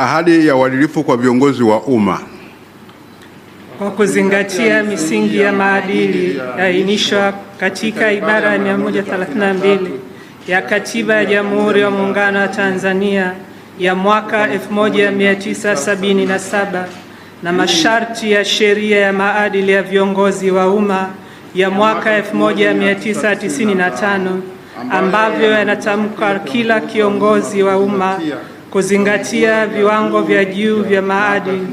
Ahadi ya uadilifu kwa viongozi wa umma kwa kuzingatia misingi ya maadili yainishwa katika ibara ya 132 ya Katiba ya Jamhuri ya Muungano wa Tanzania ya mwaka 1977 na masharti ya sheria ya maadili ya viongozi wa umma ya mwaka 1995 ambavyo yanatamka kila kiongozi wa umma kuzingatia viwango vya juu vya maadili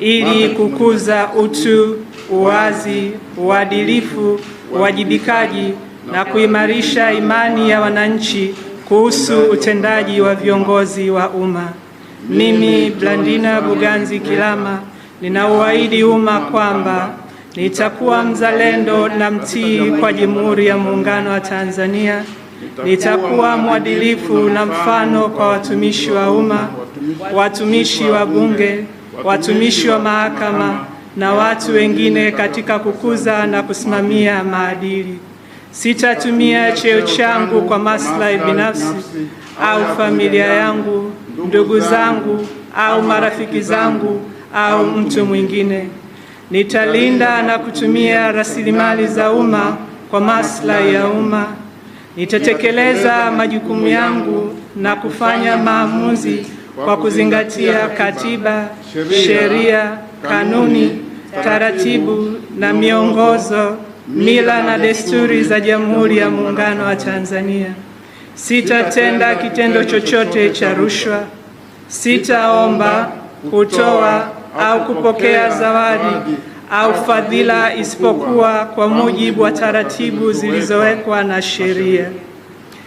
ili kukuza utu, uwazi, uadilifu, uwajibikaji na kuimarisha imani ya wananchi kuhusu utendaji wa viongozi wa umma. Mimi Blandina Buganzi Kilama ninauahidi umma kwamba nitakuwa mzalendo na mtii kwa Jamhuri ya Muungano wa Tanzania Nitakuwa mwadilifu na mfano kwa watumishi wa umma, watumishi wa bunge, watumishi wa mahakama na watu wengine katika kukuza na kusimamia maadili. Sitatumia cheo changu kwa maslahi binafsi au familia yangu, ndugu zangu au marafiki zangu au mtu mwingine. Nitalinda na kutumia rasilimali za umma kwa maslahi ya umma nitatekeleza majukumu yangu na kufanya maamuzi kwa kuzingatia katiba, sheria, kanuni, taratibu na miongozo, mila na desturi za Jamhuri ya Muungano wa Tanzania. Sitatenda kitendo chochote cha rushwa. Sitaomba, kutoa au kupokea zawadi au fadhila isipokuwa kwa mujibu wa taratibu zilizowekwa na sheria.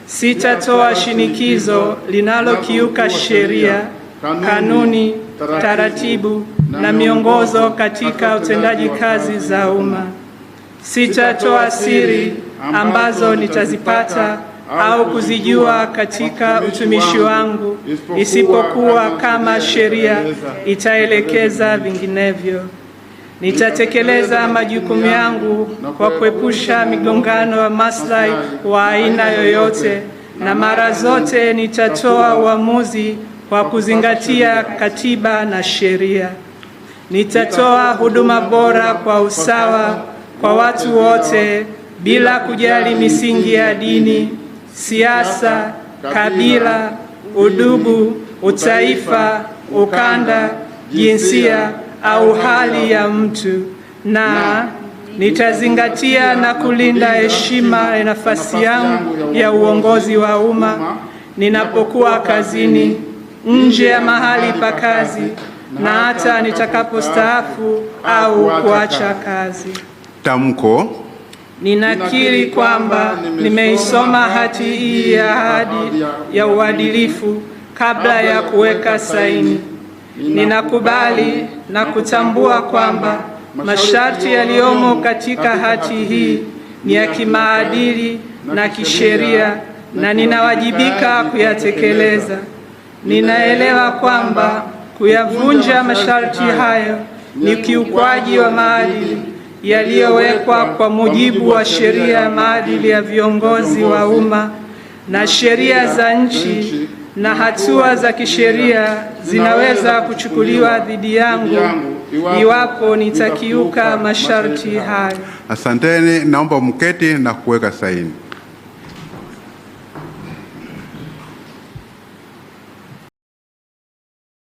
Sitatoa shinikizo linalokiuka sheria, kanuni, taratibu na miongozo katika utendaji kazi za umma. Sitatoa siri ambazo nitazipata au kuzijua katika utumishi wangu isipokuwa kama sheria itaelekeza vinginevyo. Nitatekeleza majukumu yangu kwa kuepusha migongano ya maslahi wa aina yoyote, na mara zote nitatoa uamuzi kwa kuzingatia katiba na sheria. Nitatoa huduma bora kwa usawa kwa watu wote bila kujali misingi ya dini, siasa, kabila, udugu, utaifa, ukanda, jinsia au hali ya mtu, na nitazingatia na kulinda heshima ya nafasi yangu ya uongozi wa umma ninapokuwa kazini, nje ya mahali pa kazi, na hata nitakapostaafu au kuacha kazi. Tamko. Ninakiri kwamba nimeisoma hati hii ya ahadi ya uadilifu kabla ya kuweka saini ninakubali na kutambua kwamba masharti yaliyomo katika hati hii ni ya kimaadili na kisheria na ninawajibika kuyatekeleza. Ninaelewa kwamba kuyavunja masharti hayo ni ukiukwaji wa maadili yaliyowekwa kwa mujibu wa sheria ya maadili ya viongozi wa umma na sheria za nchi na hatua za kisheria zinaweza kuchukuliwa dhidi yangu iwapo nitakiuka masharti hayo. Asanteni, naomba mketi na kuweka saini.